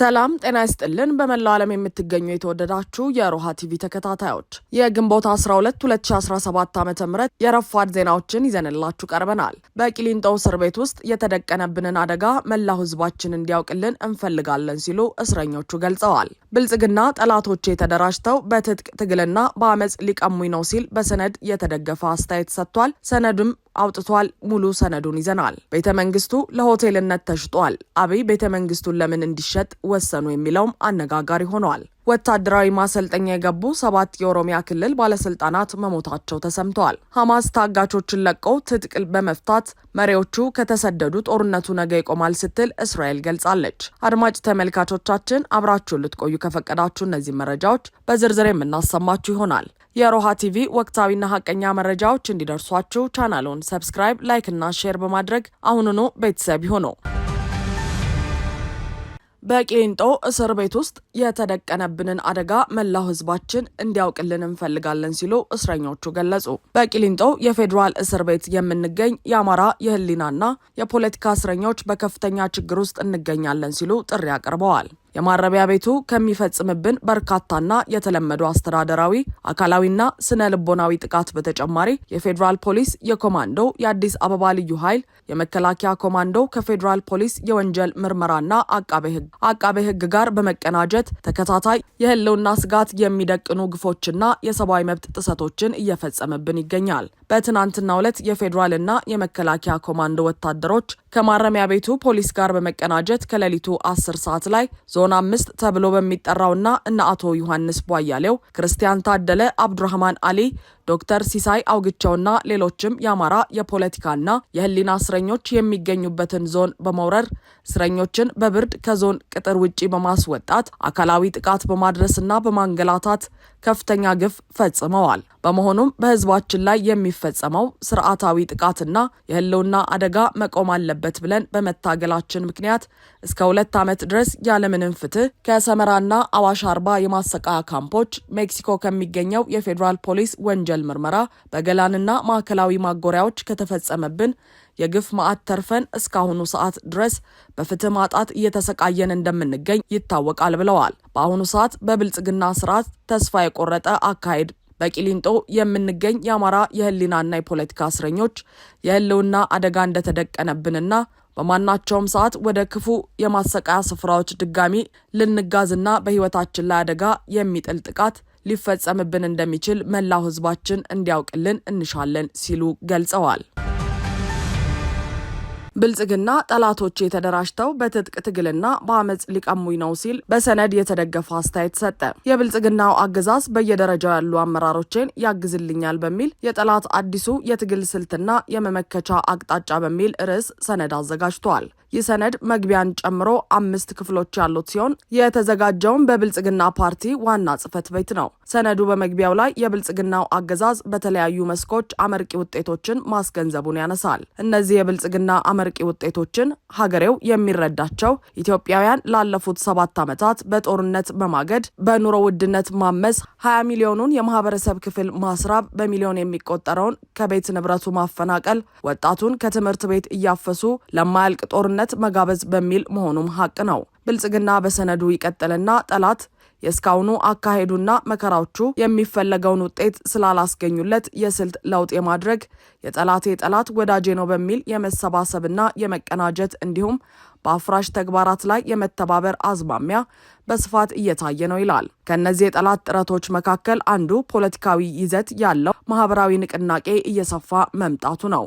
ሰላም ጤና ይስጥልን። በመላው ዓለም የምትገኙ የተወደዳችሁ የሮሃ ቲቪ ተከታታዮች የግንቦት 12 2017 ዓ ም የረፋድ ዜናዎችን ይዘንላችሁ ቀርበናል። በቂሊንጦ እስር ቤት ውስጥ የተደቀነብንን አደጋ መላው ሕዝባችን እንዲያውቅልን እንፈልጋለን ሲሉ እስረኞቹ ገልጸዋል። ብልጽግና ጠላቶቼ ተደራጅተው በትጥቅ ትግልና በአመፅ ሊቀሙኝ ነው ሲል በሰነድ የተደገፈ አስተያየት ሰጥቷል። ሰነዱም አውጥቷል። ሙሉ ሰነዱን ይዘናል። ቤተ መንግስቱ ለሆቴልነት ተሽጧል። አብይ ቤተ መንግስቱን ለምን እንዲሸጥ ወሰኑ የሚለውም አነጋጋሪ ሆኗል። ወታደራዊ ማሰልጠኛ የገቡ ሰባት የኦሮሚያ ክልል ባለስልጣናት መሞታቸው ተሰምተዋል። ሐማስ ታጋቾችን ለቀው ትጥቅ በመፍታት መሪዎቹ ከተሰደዱ ጦርነቱ ነገ ይቆማል ስትል እስራኤል ገልጻለች። አድማጭ ተመልካቾቻችን አብራችሁን ልትቆዩ ከፈቀዳችሁ እነዚህ መረጃዎች በዝርዝር የምናሰማችሁ ይሆናል። የሮሃ ቲቪ ወቅታዊና ሀቀኛ መረጃዎች እንዲደርሷችሁ ቻናሉን ሰብስክራይብ፣ ላይክ እና ሼር በማድረግ አሁኑኑ ቤተሰብ ይሁኑ። በቂሊንጦ እስር ቤት ውስጥ የተደቀነብንን አደጋ መላው ሕዝባችን እንዲያውቅልን እንፈልጋለን ሲሉ እስረኞቹ ገለጹ። በቂሊንጦ የፌዴራል እስር ቤት የምንገኝ የአማራ የህሊናና የፖለቲካ እስረኞች በከፍተኛ ችግር ውስጥ እንገኛለን ሲሉ ጥሪ አቅርበዋል። የማረሚያ ቤቱ ከሚፈጽምብን በርካታና የተለመዱ አስተዳደራዊ፣ አካላዊና ስነ ልቦናዊ ጥቃት በተጨማሪ የፌዴራል ፖሊስ፣ የኮማንዶ፣ የአዲስ አበባ ልዩ ኃይል፣ የመከላከያ ኮማንዶ ከፌዴራል ፖሊስ የወንጀል ምርመራና አቃቤ ሕግ ጋር በመቀናጀት ተከታታይ የህልውና ስጋት የሚደቅኑ ግፎችና የሰብአዊ መብት ጥሰቶችን እየፈጸመብን ይገኛል። በትናንትናው ዕለት የፌዴራልና የመከላከያ ኮማንዶ ወታደሮች ከማረሚያ ቤቱ ፖሊስ ጋር በመቀናጀት ከሌሊቱ አስር ሰዓት ላይ ዞን አምስት ተብሎ በሚጠራውና እነ አቶ ዮሐንስ ቧያሌው፣ ክርስቲያን ታደለ፣ አብዱራህማን አሊ፣ ዶክተር ሲሳይ አውግቸውና ሌሎችም የአማራ የፖለቲካና የህሊና እስረኞች የሚገኙበትን ዞን በመውረር እስረኞችን በብርድ ከዞን ቅጥር ውጪ በማስወጣት አካላዊ ጥቃት በማድረስና በማንገላታት ከፍተኛ ግፍ ፈጽመዋል። በመሆኑም በህዝባችን ላይ የሚፈጸመው ስርዓታዊ ጥቃትና የህልውና አደጋ መቆም አለበት ብለን በመታገላችን ምክንያት እስከ ሁለት ዓመት ድረስ ያለምንም ፍትህ ከሰመራና አዋሽ አርባ የማሰቃያ ካምፖች ሜክሲኮ ከሚገኘው የፌዴራል ፖሊስ ወንጀል ማዕከል ምርመራ በገላንና ማዕከላዊ ማጎሪያዎች ከተፈጸመብን የግፍ ማዕት ተርፈን እስካሁኑ ሰዓት ድረስ በፍትህ ማጣት እየተሰቃየን እንደምንገኝ ይታወቃል ብለዋል። በአሁኑ ሰዓት በብልጽግና ስርዓት ተስፋ የቆረጠ አካሄድ በቂሊንጦ የምንገኝ የአማራ የህሊናና የፖለቲካ እስረኞች የህልውና አደጋ እንደተደቀነብንና በማናቸውም ሰዓት ወደ ክፉ የማሰቃያ ስፍራዎች ድጋሚ ልንጋዝና በህይወታችን ላይ አደጋ የሚጥል ጥቃት ሊፈጸምብን እንደሚችል መላው ህዝባችን እንዲያውቅልን እንሻለን ሲሉ ገልጸዋል። ብልጽግና ጠላቶች ተደራጅተው በትጥቅ ትግልና በአመፅ ሊቀሙኝ ነው ሲል በሰነድ የተደገፈ አስተያየት ሰጠ። የብልጽግናው አገዛዝ በየደረጃው ያሉ አመራሮችን ያግዝልኛል በሚል የጠላት አዲሱ የትግል ስልትና የመመከቻ አቅጣጫ በሚል ርዕስ ሰነድ አዘጋጅቷል። ይህ ሰነድ መግቢያን ጨምሮ አምስት ክፍሎች ያሉት ሲሆን የተዘጋጀውም በብልጽግና ፓርቲ ዋና ጽህፈት ቤት ነው። ሰነዱ በመግቢያው ላይ የብልጽግናው አገዛዝ በተለያዩ መስኮች አመርቂ ውጤቶችን ማስገንዘቡን ያነሳል። እነዚህ የብልጽግና አመርቂ ውጤቶችን ሀገሬው የሚረዳቸው ኢትዮጵያውያን ላለፉት ሰባት ዓመታት በጦርነት መማገድ፣ በኑሮ ውድነት ማመስ፣ 20 ሚሊዮኑን የማህበረሰብ ክፍል ማስራብ፣ በሚሊዮን የሚቆጠረውን ከቤት ንብረቱ ማፈናቀል፣ ወጣቱን ከትምህርት ቤት እያፈሱ ለማያልቅ ጦርነት መጋበዝ በሚል መሆኑም ሀቅ ነው። ብልጽግና በሰነዱ ይቀጥልና ጠላት የእስካሁኑ አካሄዱና መከራዎቹ የሚፈለገውን ውጤት ስላላስገኙለት የስልት ለውጥ የማድረግ የጠላቴ ጠላት ወዳጄ ነው በሚል የመሰባሰብና የመቀናጀት እንዲሁም በአፍራሽ ተግባራት ላይ የመተባበር አዝማሚያ በስፋት እየታየ ነው ይላል። ከእነዚህ የጠላት ጥረቶች መካከል አንዱ ፖለቲካዊ ይዘት ያለው ማህበራዊ ንቅናቄ እየሰፋ መምጣቱ ነው።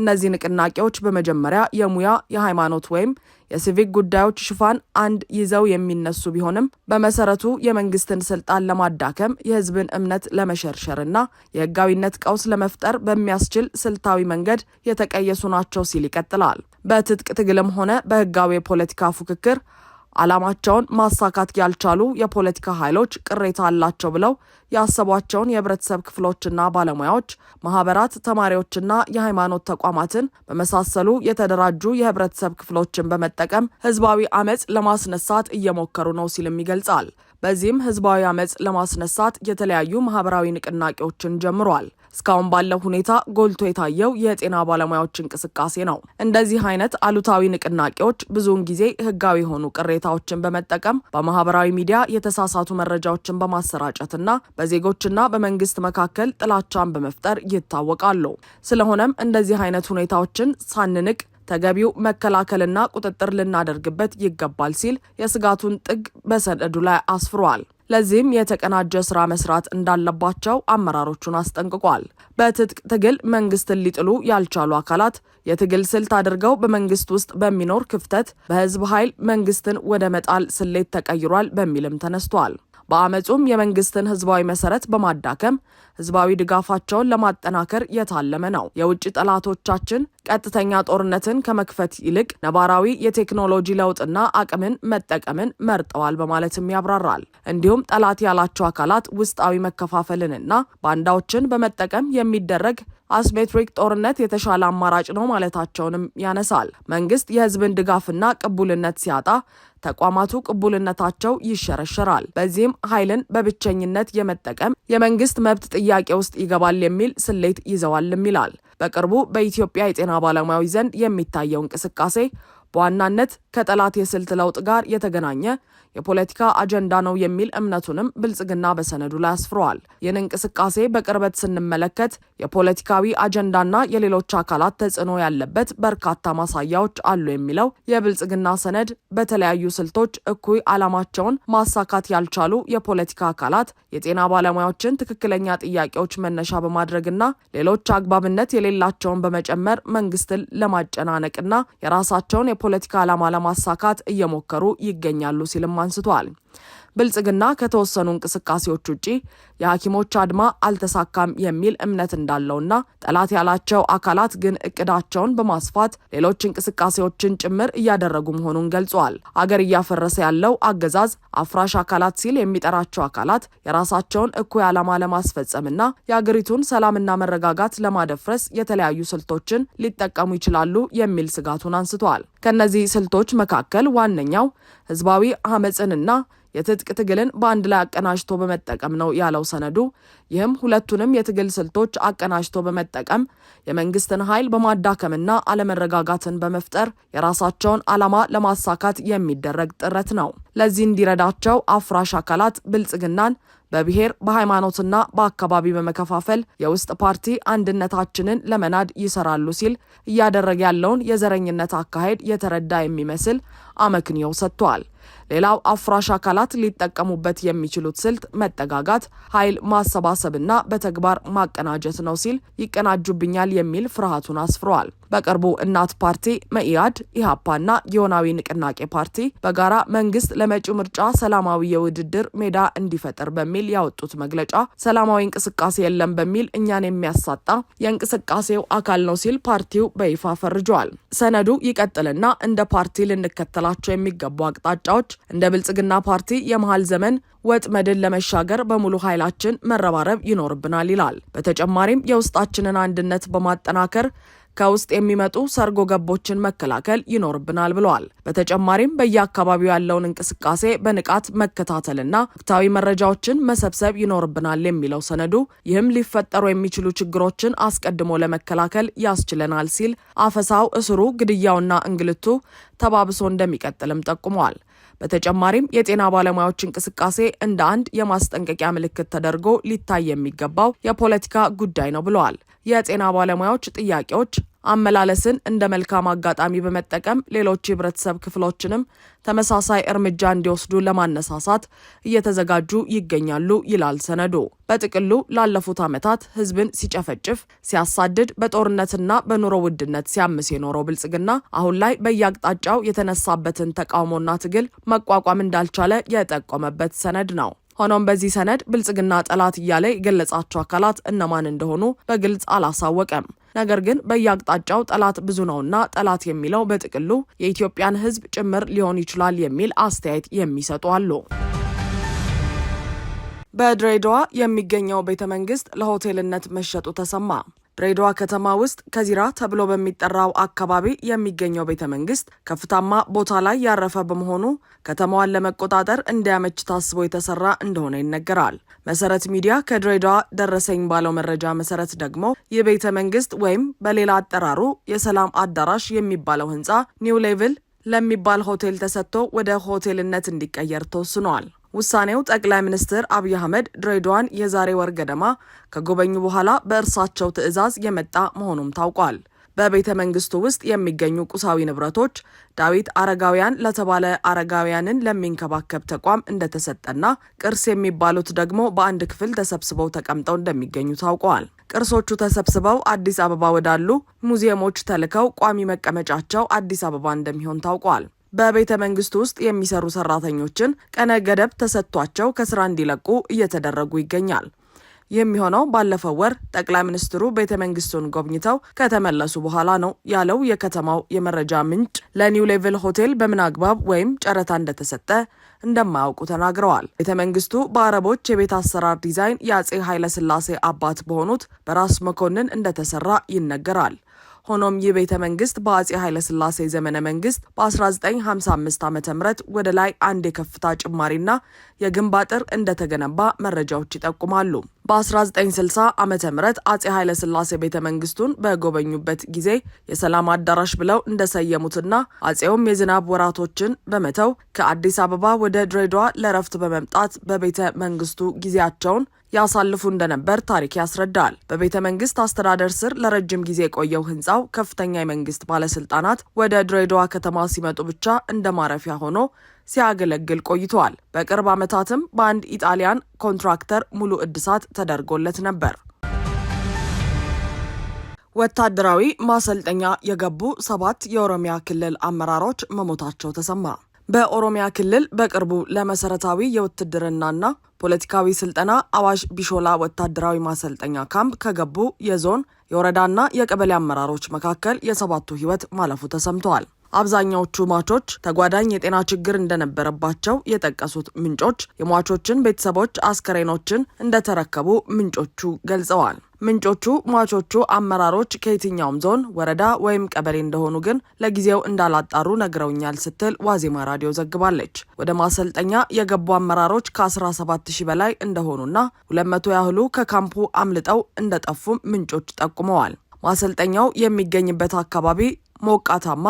እነዚህ ንቅናቄዎች በመጀመሪያ የሙያ፣ የሃይማኖት ወይም የሲቪክ ጉዳዮች ሽፋን አንድ ይዘው የሚነሱ ቢሆንም በመሰረቱ የመንግስትን ስልጣን ለማዳከም የህዝብን እምነት ለመሸርሸር እና የህጋዊነት ቀውስ ለመፍጠር በሚያስችል ስልታዊ መንገድ የተቀየሱ ናቸው ሲል ይቀጥላል። በትጥቅ ትግልም ሆነ በህጋዊ የፖለቲካ ፉክክር ዓላማቸውን ማሳካት ያልቻሉ የፖለቲካ ኃይሎች ቅሬታ አላቸው ብለው ያሰቧቸውን የህብረተሰብ ክፍሎችና ባለሙያዎች፣ ማህበራት፣ ተማሪዎችና የሃይማኖት ተቋማትን በመሳሰሉ የተደራጁ የህብረተሰብ ክፍሎችን በመጠቀም ህዝባዊ አመፅ ለማስነሳት እየሞከሩ ነው ሲልም ይገልጻል። በዚህም ህዝባዊ አመፅ ለማስነሳት የተለያዩ ማህበራዊ ንቅናቄዎችን ጀምሯል። እስካሁን ባለው ሁኔታ ጎልቶ የታየው የጤና ባለሙያዎች እንቅስቃሴ ነው። እንደዚህ አይነት አሉታዊ ንቅናቄዎች ብዙውን ጊዜ ህጋዊ የሆኑ ቅሬታዎችን በመጠቀም በማህበራዊ ሚዲያ የተሳሳቱ መረጃዎችን በማሰራጨትና በዜጎችና በመንግስት መካከል ጥላቻን በመፍጠር ይታወቃሉ። ስለሆነም እንደዚህ አይነት ሁኔታዎችን ሳንንቅ ተገቢው መከላከልና ቁጥጥር ልናደርግበት ይገባል ሲል የስጋቱን ጥግ በሰነዱ ላይ አስፍሯል። ለዚህም የተቀናጀ ስራ መስራት እንዳለባቸው አመራሮቹን አስጠንቅቋል። በትጥቅ ትግል መንግስትን ሊጥሉ ያልቻሉ አካላት የትግል ስልት አድርገው በመንግስት ውስጥ በሚኖር ክፍተት በህዝብ ኃይል መንግስትን ወደ መጣል ስሌት ተቀይሯል በሚልም ተነስቷል። በአመፁም የመንግስትን ህዝባዊ መሰረት በማዳከም ህዝባዊ ድጋፋቸውን ለማጠናከር የታለመ ነው። የውጭ ጠላቶቻችን ቀጥተኛ ጦርነትን ከመክፈት ይልቅ ነባራዊ የቴክኖሎጂ ለውጥና አቅምን መጠቀምን መርጠዋል በማለትም ያብራራል። እንዲሁም ጠላት ያላቸው አካላት ውስጣዊ መከፋፈልንና ባንዳዎችን በመጠቀም የሚደረግ አስሜትሪክ ጦርነት የተሻለ አማራጭ ነው ማለታቸውንም ያነሳል። መንግስት የህዝብን ድጋፍና ቅቡልነት ሲያጣ ተቋማቱ ቅቡልነታቸው ይሸረሸራል። በዚህም ኃይልን በብቸኝነት የመጠቀም የመንግስት መብት ጥያቄ ውስጥ ይገባል የሚል ስሌት ይዘዋልም ይላል። በቅርቡ በኢትዮጵያ የጤና ባለሙያዎች ዘንድ የሚታየው እንቅስቃሴ በዋናነት ከጠላት የስልት ለውጥ ጋር የተገናኘ የፖለቲካ አጀንዳ ነው የሚል እምነቱንም ብልጽግና በሰነዱ ላይ አስፍረዋል። ይህን እንቅስቃሴ በቅርበት ስንመለከት የፖለቲካዊ አጀንዳና የሌሎች አካላት ተጽዕኖ ያለበት በርካታ ማሳያዎች አሉ የሚለው የብልጽግና ሰነድ በተለያዩ ስልቶች እኩይ ዓላማቸውን ማሳካት ያልቻሉ የፖለቲካ አካላት የጤና ባለሙያዎችን ትክክለኛ ጥያቄዎች መነሻ በማድረግና ሌሎች አግባብነት የሌላቸውን በመጨመር መንግስትን ለማጨናነቅና የራሳቸውን የፖለቲካ ዓላማ ለማሳካት እየሞከሩ ይገኛሉ ሲልም አንስቷል ብልጽግና ከተወሰኑ እንቅስቃሴዎች ውጪ የሐኪሞች አድማ አልተሳካም የሚል እምነት እንዳለውና ጠላት ያላቸው አካላት ግን እቅዳቸውን በማስፋት ሌሎች እንቅስቃሴዎችን ጭምር እያደረጉ መሆኑን ገልጿል። አገር እያፈረሰ ያለው አገዛዝ አፍራሽ አካላት ሲል የሚጠራቸው አካላት የራሳቸውን እኩይ ዓላማ ለማስፈጸምና የአገሪቱን ሰላምና መረጋጋት ለማደፍረስ የተለያዩ ስልቶችን ሊጠቀሙ ይችላሉ የሚል ስጋቱን አንስቷል። ከእነዚህ ስልቶች መካከል ዋነኛው ህዝባዊ አመፅንና የትጥቅ ትግልን በአንድ ላይ አቀናጅቶ በመጠቀም ነው ያለው ሰነዱ። ይህም ሁለቱንም የትግል ስልቶች አቀናጅቶ በመጠቀም የመንግስትን ኃይል በማዳከምና አለመረጋጋትን በመፍጠር የራሳቸውን ዓላማ ለማሳካት የሚደረግ ጥረት ነው። ለዚህ እንዲረዳቸው አፍራሽ አካላት ብልጽግናን በብሔር በሃይማኖትና በአካባቢ በመከፋፈል የውስጥ ፓርቲ አንድነታችንን ለመናድ ይሰራሉ ሲል እያደረገ ያለውን የዘረኝነት አካሄድ የተረዳ የሚመስል አመክንዮው ሰጥቷል። ሌላው አፍራሽ አካላት ሊጠቀሙበት የሚችሉት ስልት መጠጋጋት፣ ኃይል ማሰባሰብና በተግባር ማቀናጀት ነው ሲል ይቀናጁብኛል የሚል ፍርሃቱን አስፍረዋል። በቅርቡ እናት ፓርቲ፣ መኢአድ፣ ኢህአፓና የሆናዊ ንቅናቄ ፓርቲ በጋራ መንግስት ለመጪው ምርጫ ሰላማዊ የውድድር ሜዳ እንዲፈጥር በሚል ያወጡት መግለጫ ሰላማዊ እንቅስቃሴ የለም በሚል እኛን የሚያሳጣ የእንቅስቃሴው አካል ነው ሲል ፓርቲው በይፋ ፈርጇል። ሰነዱ ይቀጥልና እንደ ፓርቲ ልንከተላቸው የሚገቡ አቅጣጫዎች እንደ ብልጽግና ፓርቲ የመሃል ዘመን ወጥመድን ለመሻገር በሙሉ ኃይላችን መረባረብ ይኖርብናል ይላል። በተጨማሪም የውስጣችንን አንድነት በማጠናከር ከውስጥ የሚመጡ ሰርጎ ገቦችን መከላከል ይኖርብናል ብለዋል። በተጨማሪም በየአካባቢው ያለውን እንቅስቃሴ በንቃት መከታተልና ወቅታዊ መረጃዎችን መሰብሰብ ይኖርብናል የሚለው ሰነዱ ይህም ሊፈጠሩ የሚችሉ ችግሮችን አስቀድሞ ለመከላከል ያስችለናል ሲል አፈሳው፣ እስሩ፣ ግድያውና እንግልቱ ተባብሶ እንደሚቀጥልም ጠቁመዋል። በተጨማሪም የጤና ባለሙያዎች እንቅስቃሴ እንደ አንድ የማስጠንቀቂያ ምልክት ተደርጎ ሊታይ የሚገባው የፖለቲካ ጉዳይ ነው ብለዋል። የጤና ባለሙያዎች ጥያቄዎች አመላለስን እንደ መልካም አጋጣሚ በመጠቀም ሌሎች የህብረተሰብ ክፍሎችንም ተመሳሳይ እርምጃ እንዲወስዱ ለማነሳሳት እየተዘጋጁ ይገኛሉ ይላል ሰነዱ። በጥቅሉ ላለፉት ዓመታት ህዝብን ሲጨፈጭፍ፣ ሲያሳድድ፣ በጦርነትና በኑሮ ውድነት ሲያምስ የኖረው ብልጽግና አሁን ላይ በየአቅጣጫው የተነሳበትን ተቃውሞና ትግል መቋቋም እንዳልቻለ የጠቆመበት ሰነድ ነው። ሆኖም በዚህ ሰነድ ብልጽግና ጠላት እያለ የገለጻቸው አካላት እነማን እንደሆኑ በግልጽ አላሳወቀም። ነገር ግን በየአቅጣጫው ጠላት ብዙ ነውና ጠላት የሚለው በጥቅሉ የኢትዮጵያን ሕዝብ ጭምር ሊሆን ይችላል የሚል አስተያየት የሚሰጡ አሉ። በድሬዳዋ የሚገኘው ቤተ መንግስት ለሆቴልነት መሸጡ ተሰማ። ድሬዳዋ ከተማ ውስጥ ከዚራ ተብሎ በሚጠራው አካባቢ የሚገኘው ቤተ መንግስት ከፍታማ ቦታ ላይ ያረፈ በመሆኑ ከተማዋን ለመቆጣጠር እንዲያመች ታስቦ የተሰራ እንደሆነ ይነገራል። መሰረት ሚዲያ ከድሬዳዋ ደረሰኝ ባለው መረጃ መሰረት ደግሞ ይህ ቤተ መንግስት ወይም በሌላ አጠራሩ የሰላም አዳራሽ የሚባለው ህንፃ ኒው ሌቭል ለሚባል ሆቴል ተሰጥቶ ወደ ሆቴልነት እንዲቀየር ተወስኗል። ውሳኔው ጠቅላይ ሚኒስትር አብይ አህመድ ድሬዳዋን የዛሬ ወር ገደማ ከጎበኙ በኋላ በእርሳቸው ትዕዛዝ የመጣ መሆኑም ታውቋል። በቤተ መንግስቱ ውስጥ የሚገኙ ቁሳዊ ንብረቶች ዳዊት አረጋውያን ለተባለ አረጋውያንን ለሚንከባከብ ተቋም እንደተሰጠና ቅርስ የሚባሉት ደግሞ በአንድ ክፍል ተሰብስበው ተቀምጠው እንደሚገኙ ታውቀዋል። ቅርሶቹ ተሰብስበው አዲስ አበባ ወዳሉ ሙዚየሞች ተልከው ቋሚ መቀመጫቸው አዲስ አበባ እንደሚሆን ታውቋል። በቤተ መንግስት ውስጥ የሚሰሩ ሰራተኞችን ቀነ ገደብ ተሰጥቷቸው ከስራ እንዲለቁ እየተደረጉ ይገኛል። የሚሆነው ባለፈው ወር ጠቅላይ ሚኒስትሩ ቤተ መንግስቱን ጎብኝተው ከተመለሱ በኋላ ነው ያለው የከተማው የመረጃ ምንጭ ለኒው ሌቭል ሆቴል በምን አግባብ ወይም ጨረታ እንደተሰጠ እንደማያውቁ ተናግረዋል። ቤተ መንግስቱ በአረቦች የቤት አሰራር ዲዛይን የአጼ ኃይለስላሴ አባት በሆኑት በራስ መኮንን እንደተሰራ ይነገራል። ሆኖም ይህ ቤተ መንግስት በአጼ ኃይለስላሴ ዘመነ መንግስት በ1955 ዓ ም ወደ ላይ አንድ የከፍታ ጭማሪና የግንብ አጥር እንደተገነባ መረጃዎች ይጠቁማሉ። በ1960 ዓ ም አጼ ኃይለስላሴ ቤተ መንግስቱን በጎበኙበት ጊዜ የሰላም አዳራሽ ብለው እንደሰየሙትና አጼውም የዝናብ ወራቶችን በመተው ከአዲስ አበባ ወደ ድሬዳዋ ለረፍት በመምጣት በቤተ መንግስቱ ጊዜያቸውን ያሳልፉ እንደነበር ታሪክ ያስረዳል። በቤተ መንግስት አስተዳደር ስር ለረጅም ጊዜ የቆየው ህንፃው ከፍተኛ የመንግስት ባለስልጣናት ወደ ድሬዳዋ ከተማ ሲመጡ ብቻ እንደ ማረፊያ ሆኖ ሲያገለግል ቆይቷል። በቅርብ ዓመታትም በአንድ ኢጣሊያን ኮንትራክተር ሙሉ እድሳት ተደርጎለት ነበር። ወታደራዊ ማሰልጠኛ የገቡ ሰባት የኦሮሚያ ክልል አመራሮች መሞታቸው ተሰማ። በኦሮሚያ ክልል በቅርቡ ለመሰረታዊ የውትድርናና ፖለቲካዊ ስልጠና አዋሽ ቢሾላ ወታደራዊ ማሰልጠኛ ካምፕ ከገቡ የዞን የወረዳና የቀበሌ አመራሮች መካከል የሰባቱ ሕይወት ማለፉ ተሰምተዋል። አብዛኛዎቹ ሟቾች ተጓዳኝ የጤና ችግር እንደነበረባቸው የጠቀሱት ምንጮች የሟቾችን ቤተሰቦች አስከሬኖችን እንደተረከቡ ምንጮቹ ገልጸዋል። ምንጮቹ ሟቾቹ አመራሮች ከየትኛውም ዞን፣ ወረዳ ወይም ቀበሌ እንደሆኑ ግን ለጊዜው እንዳላጣሩ ነግረውኛል ስትል ዋዜማ ራዲዮ ዘግባለች። ወደ ማሰልጠኛ የገቡ አመራሮች ከ17 ሺህ በላይ እንደሆኑና 200 ያህሉ ከካምፑ አምልጠው እንደጠፉም ምንጮች ጠቁመዋል። ማሰልጠኛው የሚገኝበት አካባቢ ሞቃታማ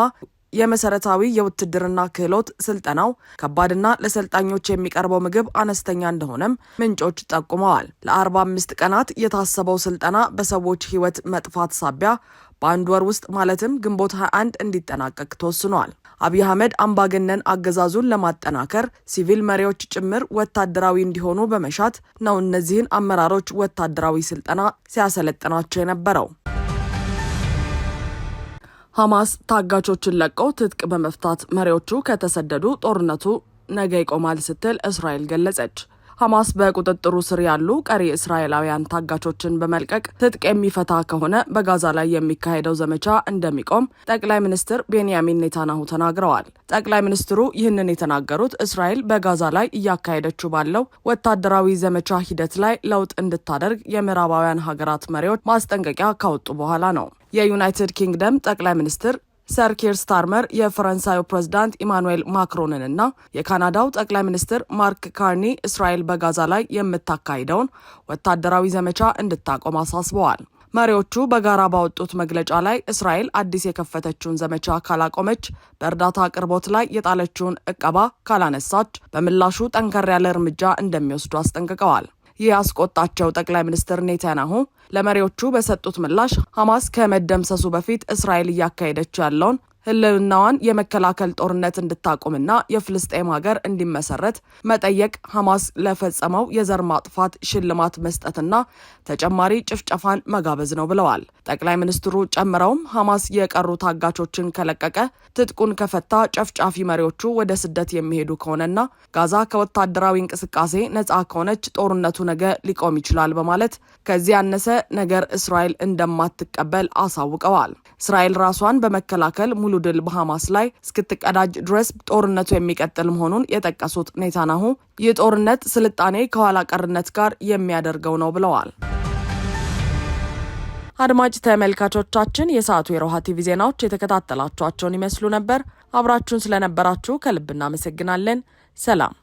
የመሰረታዊ የውትድርና ክህሎት ስልጠናው ከባድና ለሰልጣኞች የሚቀርበው ምግብ አነስተኛ እንደሆነም ምንጮች ጠቁመዋል። ለ45 ቀናት የታሰበው ስልጠና በሰዎች ሕይወት መጥፋት ሳቢያ በአንድ ወር ውስጥ ማለትም ግንቦት 21 እንዲጠናቀቅ ተወስኗል። አብይ አህመድ አምባገነን አገዛዙን ለማጠናከር ሲቪል መሪዎች ጭምር ወታደራዊ እንዲሆኑ በመሻት ነው እነዚህን አመራሮች ወታደራዊ ስልጠና ሲያሰለጥናቸው የነበረው። ሐማስ ታጋቾችን ለቀው ትጥቅ በመፍታት መሪዎቹ ከተሰደዱ ጦርነቱ ነገ ይቆማል ስትል እስራኤል ገለጸች። ሐማስ በቁጥጥሩ ስር ያሉ ቀሪ እስራኤላውያን ታጋቾችን በመልቀቅ ትጥቅ የሚፈታ ከሆነ በጋዛ ላይ የሚካሄደው ዘመቻ እንደሚቆም ጠቅላይ ሚኒስትር ቤንያሚን ኔታናሁ ተናግረዋል። ጠቅላይ ሚኒስትሩ ይህንን የተናገሩት እስራኤል በጋዛ ላይ እያካሄደችው ባለው ወታደራዊ ዘመቻ ሂደት ላይ ለውጥ እንድታደርግ የምዕራባውያን ሀገራት መሪዎች ማስጠንቀቂያ ካወጡ በኋላ ነው። የዩናይትድ ኪንግደም ጠቅላይ ሚኒስትር ሰር ስታርመር የፈረንሳዩ ፕሬዝዳንት ኢማኑኤል ማክሮንን እና የካናዳው ጠቅላይ ሚኒስትር ማርክ ካርኒ እስራኤል በጋዛ ላይ የምታካሂደውን ወታደራዊ ዘመቻ እንድታቆም አሳስበዋል። መሪዎቹ በጋራ ባወጡት መግለጫ ላይ እስራኤል አዲስ የከፈተችውን ዘመቻ ካላቆመች፣ በእርዳታ አቅርቦት ላይ የጣለችውን እቀባ ካላነሳች፣ በምላሹ ጠንከር ያለ እርምጃ እንደሚወስዱ አስጠንቅቀዋል። ይህ ያስቆጣቸው ጠቅላይ ሚኒስትር ኔታንያሁ ለመሪዎቹ በሰጡት ምላሽ ሐማስ ከመደምሰሱ በፊት እስራኤል እያካሄደች ያለውን ህልውናዋን የመከላከል ጦርነት እንድታቆምና የፍልስጤም ሀገር እንዲመሰረት መጠየቅ ሐማስ ለፈጸመው የዘር ማጥፋት ሽልማት መስጠትና ተጨማሪ ጭፍጨፋን መጋበዝ ነው ብለዋል። ጠቅላይ ሚኒስትሩ ጨምረውም ሐማስ የቀሩ ታጋቾችን ከለቀቀ፣ ትጥቁን ከፈታ፣ ጨፍጫፊ መሪዎቹ ወደ ስደት የሚሄዱ ከሆነና ጋዛ ከወታደራዊ እንቅስቃሴ ነጻ ከሆነች ጦርነቱ ነገ ሊቆም ይችላል በማለት ከዚህ ያነሰ ነገር እስራኤል እንደማትቀበል አሳውቀዋል። እስራኤል ራሷን በመከላከል ሙሉ ሙሉ ድል በሐማስ ላይ እስክትቀዳጅ ድረስ ጦርነቱ የሚቀጥል መሆኑን የጠቀሱት ኔታናሁ ይህ ጦርነት ስልጣኔ ከኋላ ቀርነት ጋር የሚያደርገው ነው ብለዋል። አድማጭ ተመልካቾቻችን የሰዓቱ የሮሃ ቲቪ ዜናዎች የተከታተላችኋቸውን ይመስሉ ነበር። አብራችሁን ስለነበራችሁ ከልብ እናመሰግናለን። ሰላም